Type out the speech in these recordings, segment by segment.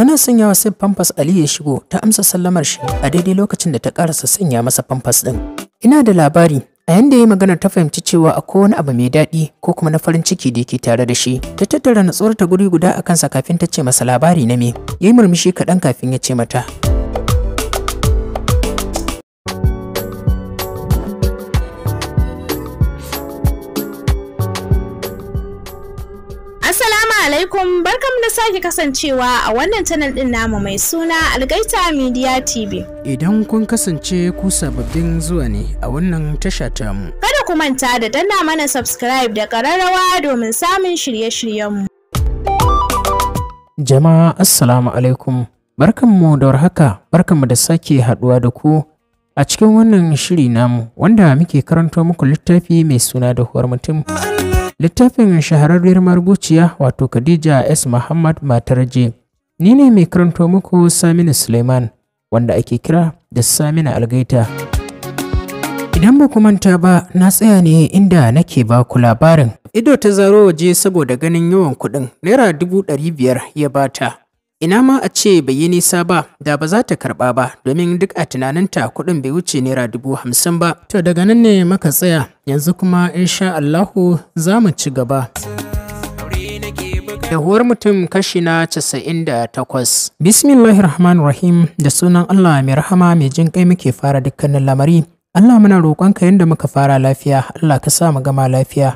Tana sanya wa Sif famfas Ali ya shigo ta amsa sallamar shi a daidai lokacin da ta karasa sanya masa famfas ɗin. Ina da labari a yanda ya magana ta fahimci cewa akwai wani abu mai daɗi ko kuma na farin ciki da yake tare da shi ta tattara natsuwar ta guri guda a kansa kafin ta ce masa labari na me ya yi murmushi kaɗan kafin ya ce mata alaikum barkam da sake kasancewa a wannan channel din namu mai suna Algaita Media TV. Idan kun kasance ku sababbin zuwa ne a wannan tasha tamu. Kada ku manta da danna mana subscribe da kararrawa domin samun shirye shiryen mu Jama'a Assalamu alaikum. mu da warhaka, mu da sake haduwa da ku a cikin wannan shiri namu wanda muke karanto muku littafi mai suna da huwar mutum. littafin shahararriyar marubuciya wato khadija s muhammad matarje ni ne mai karanto muku saminu suleiman wanda ake kira da saminu algaita idan ba manta ba na tsaya ne inda nake ba ku labarin ido ta zaro waje saboda ganin yawan kuɗin naira dubu ɗari biyar ya bata Ina ma a ce bai yi nisa ba da ba za ta karɓa ba domin duk a tunaninta kuɗin bai wuce naira dubu hamsin ba. To daga nan ne maka tsaya yanzu kuma sha Allahu za mu ci gaba. Yahuwar mutum kashi na casa'in da takwas. Bismillahir Rahim da sunan Allah mai rahama mai jin kai muke fara dukkanin lamari. Allah muna roƙonka yadda muka fara lafiya, Allah ka sa mu gama lafiya.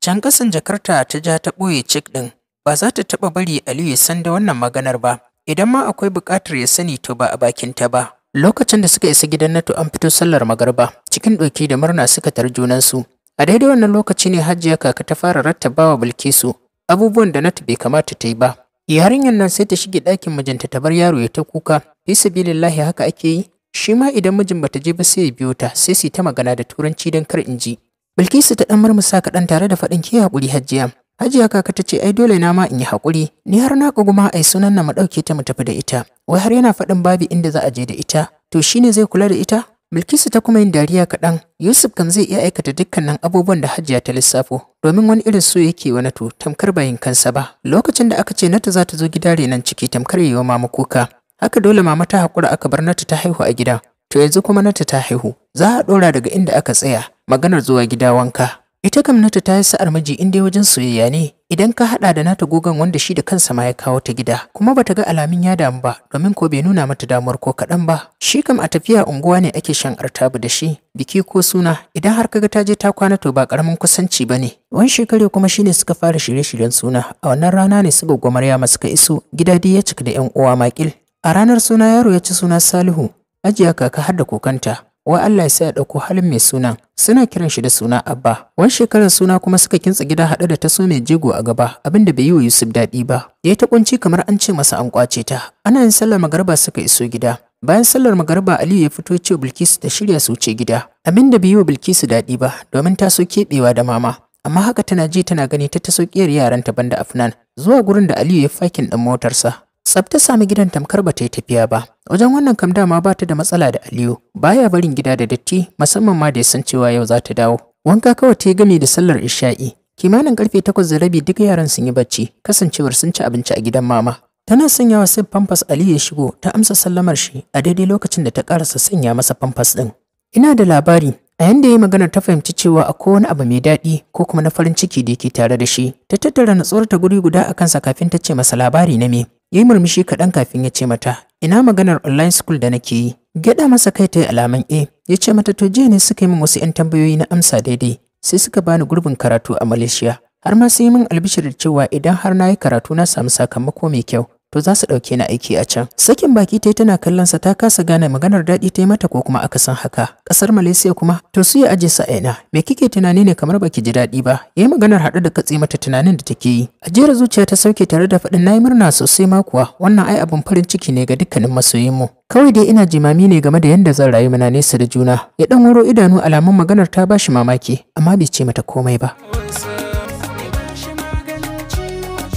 Can kasan jakarta ta ja ta ɓoye cik ɗin, ba za ta taɓa bari Aliyu ya san da wannan maganar ba, idan ma akwai buƙatar ya sani to ba a bakinta ba. Lokacin da suka isa gidan Nato an fito sallar magarba, cikin ɗoki da murna suka tar su. A daidai wannan lokaci ne Hajiya kaka ta fara rattabawa Bilkisu abubuwan da Nato bai kamata ta yi ba. Yarinyar nan sai ta shige ɗakin mijinta ta bar yaro ya ta kuka, fi sabilillahi haka ake yi, shi ma idan mijin bata je ba sai ya biyo ta sai su yi ta magana da turanci don kar in ji Bilkisu ta ɗan murmusa kaɗan tare da faɗin ke hakuri. hajiya. Hajiya kaka ta ce ai dole na ma in yi haƙuri, ni har na kuguma ai sunan na mu ɗauke ta mu tafi da ita. Wai har yana faɗin babu inda za a je da ita, to shi ne zai kula da ita? Bilkisu ta kuma yin dariya kaɗan, Yusuf kam zai iya aikata dukkanin abubuwan da Hajiya ta lissafo, domin wani irin so yake wa Natu tamkar bayin kansa ba. Lokacin da aka ce Natu za ta zo gida renan ciki tamkar yi wa mama kuka, haka dole mama ta haƙura aka bar Natu ta haihu a gida. To yanzu kuma Natu ta haihu, za a ɗora daga inda aka tsaya. maganar zuwa gida wanka. Ita gamnatu ta yi sa'ar miji inda wajen soyayya ne idan ka haɗa da nata gogon wanda shi da kansa ma ya kawo ta gida kuma bata ga alamin ya damu ba domin ko bai nuna mata damuwar ko kaɗan ba. Shi kam a tafiya unguwa ne ake shan artabu da shi biki ko suna idan har kaga ta je ta kwana to ba ƙaramin kusanci ba ne. Wani shekare kuma shi ne suka fara shirye-shiryen suna a wannan rana ne su gwaggwa Maryama suka iso gida dai ya cika da 'yan uwa makil. A ranar suna yaro ya ci suna Salihu, ajiya kaka har da kokanta wai Allah ya sa ya ɗauko halin mai sunan suna kiran shi da suna Abba wani shekarar suna kuma suka kintsa gida haɗe da taso mai jego a gaba Abinda bai yi wa Yusuf daɗi ba ya ta kunci kamar an ce masa an kwace ta ana yin sallar magaraba suka iso gida bayan sallar magaraba Aliyu ya fito ce Bilkisu ta shirya su wuce gida Abinda bai yi wa Bilkisu daɗi ba domin ta so keɓewa da mama amma haka tana ji tana gani ta taso ƙiyar yaranta banda Afnan zuwa gurin da Aliyu ya fakin ɗan motarsa Tsafta sami gidan tamkar ba ta yi tafiya ba. Wajen wannan kam dama ba ta da matsala da Aliyu, baya barin gida da datti musamman ma da ya san cewa yau za ta dawo. Wanka kawai ta yi gami da sallar isha'i. Kimanin karfe takwas da rabi duk yaran sun yi bacci, kasancewar sun ci abinci a gidan mama. Tana sanya wa sai famfas Ali ya shigo ta amsa sallamar shi a daidai lokacin da ta karasa sanya masa famfas ɗin. Ina da labari, a yanda ya yi maganar ta fahimci cewa akwai wani abu mai daɗi ko kuma na farin ciki da yake tare da shi. Ta tattara natsuwar ta guri guda a kansa kafin ta ce masa labari na me. Ya yi murmushi kaɗan kafin ya ce mata, ina maganar online school da nake yi. Gyaɗa masa kai ta yi alaman A, eh. ya ce mata to jiya ne suka yi min wasu 'yan tambayoyi na amsa daidai, sai suka bani gurbin karatu a Malaysia. Har ma sai min albishir cewa idan har na yi karatu na samu sakamako mai kyau, to za su ɗauke ni aiki a can. Sakin baki ta tana kallon sa ta kasa gane maganar daɗi ta yi mata ko kuma aka san haka. Ƙasar Malaysia kuma to su ya aje sa aina. Me kike tunani ne kamar baki ji daɗi ba? Yayi maganar haɗu da katse mata tunanin da take yi. ajira zuciya ta sauke tare da faɗin na murna sosai ma kuwa wannan ai abin farin ciki ne ga dukkanin mu Kawai dai ina jimami ne game da yadda zan rayu muna nesa da juna. Ya ɗan waro idanu alamun maganar ta bashi mamaki amma bai ce mata komai ba.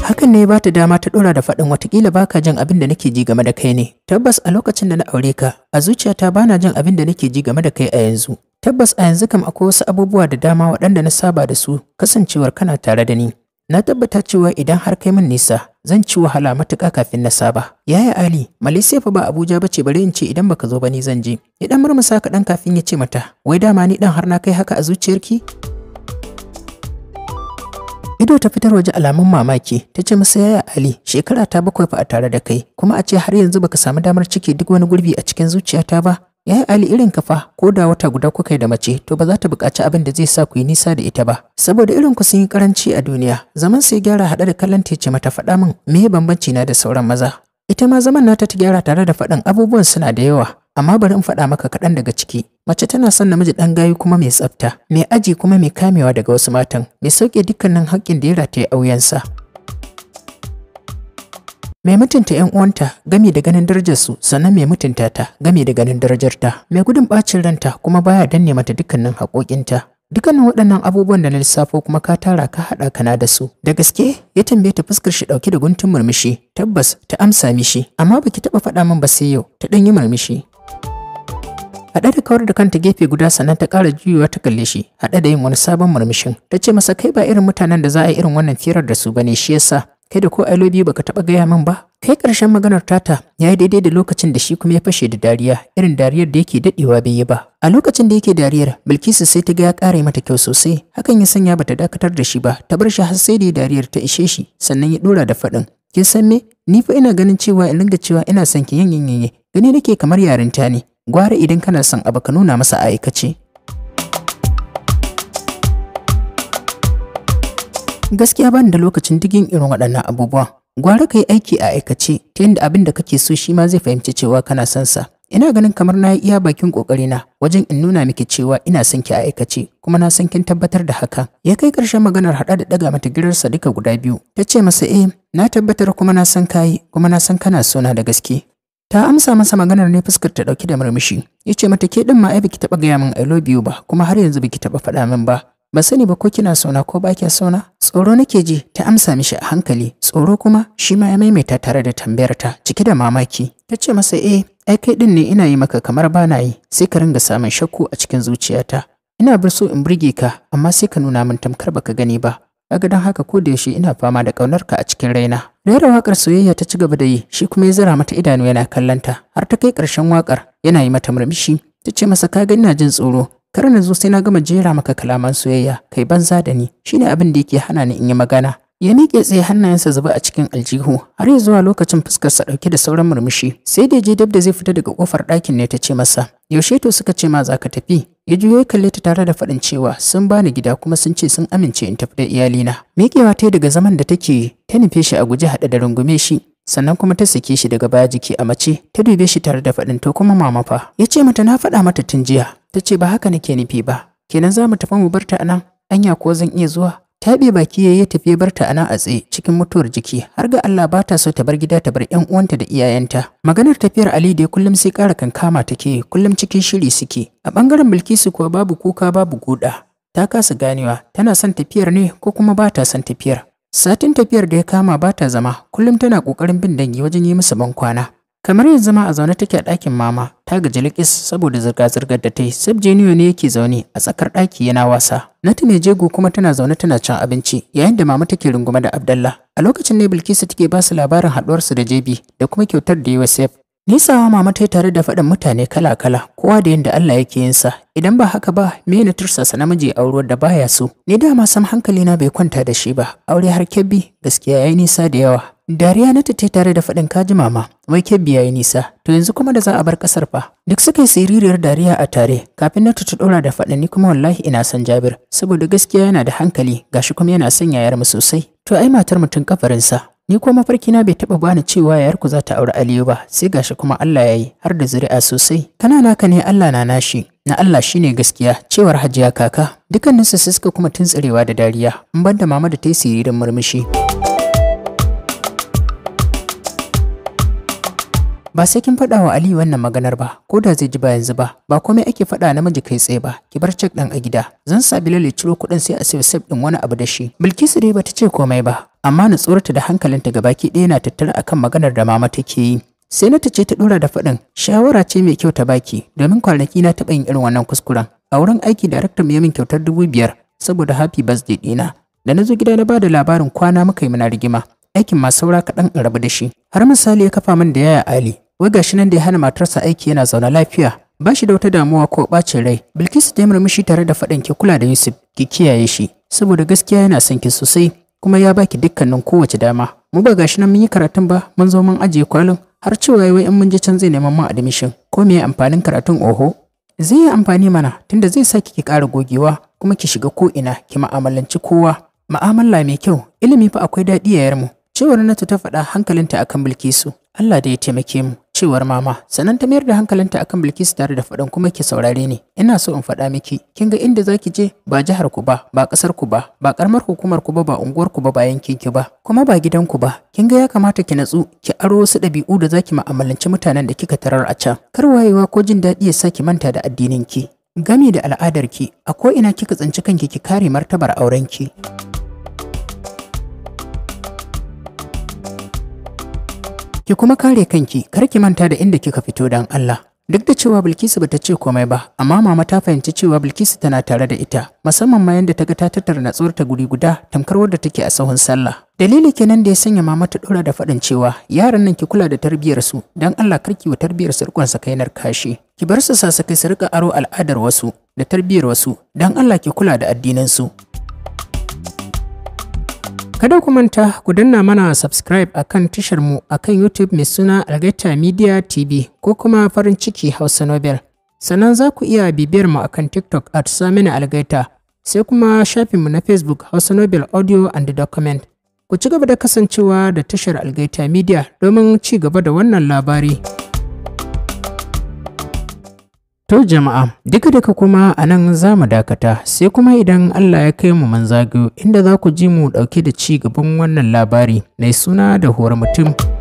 Hakan ne ba ta dama ta ɗora da faɗin watakila baka jin abin da nake ji game da kai ne. Tabbas a lokacin da na aure ka, a zuciyata bana jin abin da nake ji game da kai a yanzu. Tabbas a yanzu kam akwai wasu abubuwa da dama waɗanda na saba da su kasancewar kana tare da ni. Na tabbata cewa idan har kai min nisa, zan ci wahala matuƙa kafin na saba. Yaya Ali, Malaysia fa ba Abuja bace bari in ce idan baka zo ba ni zan je. Ya dan murmusa kaɗan kafin ya ce mata, wai dama ni dan har na kai haka a zuciyarki? Ido ta fitar waje alamun mamaki, ta ce masa yaya Ali, shekara ta bakwai fa a tare da kai, kuma a ce har yanzu baka samu damar ciki duk wani gurbi a cikin zuciyata ba. Yaya Ali irin kafa, ko da wata guda kuka da mace, to ba za ta buƙaci abin da zai sa ku yi nisa da ita ba. Saboda irin ku sun yi karanci a duniya, zaman sai gyara haɗa da kallon ce mata faɗa min me bambanci na da sauran maza. Ita ma zaman nata ta gyara tare da faɗin abubuwan suna da yawa, amma bari in faɗa maka kaɗan daga ciki mace tana son namiji ɗan gayu kuma mai tsafta mai aji kuma mai kamewa daga wasu matan mai sauke dukkanin haƙƙin da ya rataye auyensa mai mutunta 'yan uwanta gami da ganin darajarsu sannan mai mutunta ta gami da ganin darajarta mai gudun ɓacin ranta kuma baya danne mata dukkanin haƙoƙinta dukkanin waɗannan abubuwan da na lissafo kuma ka tara ka haɗa kana da su da gaske ya tambaye ta fuskar shi ɗauke da guntun murmushi tabbas ta amsa mishi amma baki taɓa faɗa min ba sai yau ta ɗan yi murmushi haɗe da kawar da kanta gefe guda sannan ta ƙara juyowa ta kalle shi haɗe da yin wani sabon murmushin ta ce masa kai ba irin mutanen da za a yi irin wannan firar da su ba ne shi yasa kai da ko alo biyu baka taɓa gaya min ba kai ƙarshen maganar tata ya yi daidai da lokacin da shi kuma ya fashe da dariya irin dariyar da yake daɗewa bai yi ba a lokacin da yake dariyar bilkisu sai ta ga ya ƙara mata kyau sosai hakan ya sanya bata dakatar da shi ba ta bar shi har sai da dariyar ta ishe shi sannan ya ɗora da faɗin kin san me ni fa ina ganin cewa in ringa cewa ina son ki yanyin gani nake kamar yarinta ne gwara idan kana son abu ka nuna masa a aikace gaskiya bani da lokacin digin irin waɗannan abubuwa gwara ka yi aiki a aikace ta yadda abin da kake so shi ma zai fahimci cewa kana son sa ina ganin kamar na yi iya bakin na wajen in nuna miki cewa ina son ki a aikace kuma na san kin tabbatar da haka ya kai ƙarshen maganar haɗa da ɗaga mata girarsa duka guda biyu ta ce masa eh na tabbatar kuma na san kayi kuma na san kana sona da gaske Ta amsa masa maganar ne fuskar ta ɗauki da murmushi. Yace mata ke din ma ai biki taba gaya min I love you ba kuma har yanzu biki taba faɗa min ba. Ba sani ba ko kina sona ko ba kya sona? Tsoro nake ji ta amsa mishi a hankali. Tsoro kuma shi ma ya maimaita tare da tambayar ta cike da mamaki. Ta masa eh ai kai din ne ina yi maka kamar ba na yi sai ka ringa samun shakku a cikin zuciyata. Ina bar so in burge ka amma sai ka nuna min tamkar baka gani ba. kaga don haka ko da yaushe ina fama da ƙaunarka a cikin raina rera wakar soyayya ta ci gaba da yi shi kuma ya zira mata idanu yana kallanta har ta kai karshen waƙar yana yi mata murmushi ta ce masa ka ga ina jin tsoro kar na zo sai na gama jera maka kalaman soyayya kai banza da ni shine abin da yake hana ni in yi magana ya miƙe tsaye hannayensa zuba a cikin aljihu har ya zuwa lokacin fuskarsa ɗauke da sauran murmushi sai da je da zai fita daga ƙofar ɗakin ne ta ce masa yaushe to suka ce ma za ka tafi ya juyo ya kalle ta tare da faɗin cewa sun bani gida kuma sun ce sun amince in tafi da iyalina miƙewa ta daga zaman da take ta nufe shi a guji haɗa da rungume shi sannan kuma ta sake shi daga baya jiki a mace ta dube shi tare da faɗin to kuma mama fa ya ce mata na faɗa mata tun jiya ta ce ba haka nake nufi ba kenan za mu tafi mu barta ta anan anya ko zan iya zuwa taɓe baki ya yi tafiye barta a nan a tsaye cikin mutuwar jiki har ga Allah ba ta so ta bar gida ta bar ƴan uwanta da iyayenta maganar tafiyar Ali da kullum sai ƙara kankama take kullum cikin shiri suke a ɓangaren Bilkisu kuwa babu kuka babu guda ta kasa ganewa tana son tafiyar ne ko kuma ba ta son tafiyar satin tafiyar da ya kama ba ta zama kullum tana ƙoƙarin bin dangi wajen yi musu kwana. kamar yanzu ma a zaune take a ɗakin mama ta gaji likis saboda zirga-zirgar da ta yi sab jeniyo ne yake zaune a tsakar ɗaki yana wasa nati mai jego kuma tana zaune tana cin abinci yayin da mama take rungume da abdallah a lokacin ne bilkisu take ba su labarin haɗuwarsu da jebi da kuma kyautar da yi wa sef Nisa wa mama ta tare da faɗin mutane kala-kala, kowa da yadda Allah yake sa, Idan ba haka ba, me na tursasa namiji a auruwar da baya so. Ni dama hankali na bai kwanta da shi ba, aure har kebbi gaskiya yayi nisa da yawa. Dariya na ta tare da faɗin kaji mama, wai kebbi yayi nisa, to yanzu kuma da za a bar ƙasar fa. Duk suka yi siririyar dariya a tare, kafin na ta ɗora da faɗin ni kuma wallahi ina son Jabir, saboda gaskiya yana da hankali, gashi kuma yana son yayar mu sosai. To ai matar mutum kafarinsa, Ni ko mafarkina bai taɓa bani cewa yarku za ta auri Aliyu ba, sai gashi kuma Allah ya yi har da zuri'a sosai. Kana naka ne Allah na nashi, na Allah shine gaskiya, cewar Hajiya kaka. Dukkaninsu suka kuma tuntsarewa da dariya, in banda mama da ta yi siririn murmushi. Ba sai kin faɗa wa Aliyu wannan maganar ba, ko da zai ji ba yanzu ba, ba komai ake faɗa namiji kai tsaye ba, ki bar cek ɗin a gida. Zan sa Bilal ya ciro kuɗin sai a sayi sef ɗin wani abu da shi. Bilkisu dai bata ce komai ba, amma tsorata da hankalinta gabaki ɗaya na tattara akan maganar da mama take yi. Sai na ce ta ɗora da faɗin, shawara ce mai kyau ta baki, domin kwanaki na taɓa yin irin wannan kuskuren. A wurin aiki daraktan ya min kyautar dubu biyar saboda happy birthday ɗina. Da na zo gida na ba da labarin kwana muka yi muna rigima. Aikin ma saura kaɗan in rabu da shi. Har misali ya kafa min da yaya Ali, wai gashi nan da ya hana matarsa aiki yana zaune lafiya ba shi da wata damuwa ko ɓacin rai bilkisu ta yi murmushi tare da faɗin ki kula da yusuf ki kiyaye shi saboda gaskiya yana son ki sosai kuma ya baki dukkanin kowace dama mu ba ga shi nan mun yi karatun ba mun zo mun ajiye kwalin har cewa wai in mun je can zai neman mu admission ko me amfanin karatun oho zai yi amfani mana tunda zai sa ki ƙara gogewa kuma ki shiga ko ina ki ma'amalanci kowa ma'amala mai kyau ilimi fa akwai daɗi yayar mu cewar nata ta faɗa hankalinta akan bilkisu Allah da ya taimake mu cewar mama sannan ta mayar da hankalinta akan bilkis tare da faɗan kuma ki saurare ni ina so in faɗa miki kin ga inda zaki je ba jihar ku ba ba ƙasar ku ba ba ƙaramar hukumar ku ba ba unguwar ku ba ba yankin ki ba kuma ba gidan ku ba kin ga ya kamata ki natsu ki aro wasu ɗabi'u da zaki ma'amalanci mutanen da kika tarar a can kar wayewa ko jin daɗi ya saki manta da addinin ki gami da ki a ko ina kika tsinci kanki ki kare martabar aurenki. ki kuma kare kanki kar ki manta da inda kika fito dan Allah duk da cewa Bilkisu bata ce komai ba amma mama ta fahimci cewa Bilkisu tana tare da ita musamman ma yanda ta ga ta tattara natsuwar ta guri guda tamkar wadda take a sahun sallah dalili kenan da ya sanya mama ta dora da faɗin cewa yaran nan ki kula da tarbiyar su dan Allah ki wa tarbiyar su rikon sakainar kashi ki bar su sasakai su rika aro al'adar wasu da tarbiyar wasu dan Allah ki kula da addinin su kada ku manta ku danna mana subscribe akan tashar mu akan YouTube mai suna Algaita Media TV ko kuma farin ciki Hausa Nobel. Sannan za ku iya bibiyar mu akan TikTok at Samina Algaita sai kuma shafinmu na Facebook Hausa Nobel Audio and Document. Ku ci gaba da kasancewa da tashar Algaita Media domin ci gaba da wannan labari. To jama'a, duka duka kuma a nan za mu dakata sai kuma idan Allah ya kai mu manzago inda za ku ji mu ɗauke da ci gaban wannan labari mai suna da horar mutum.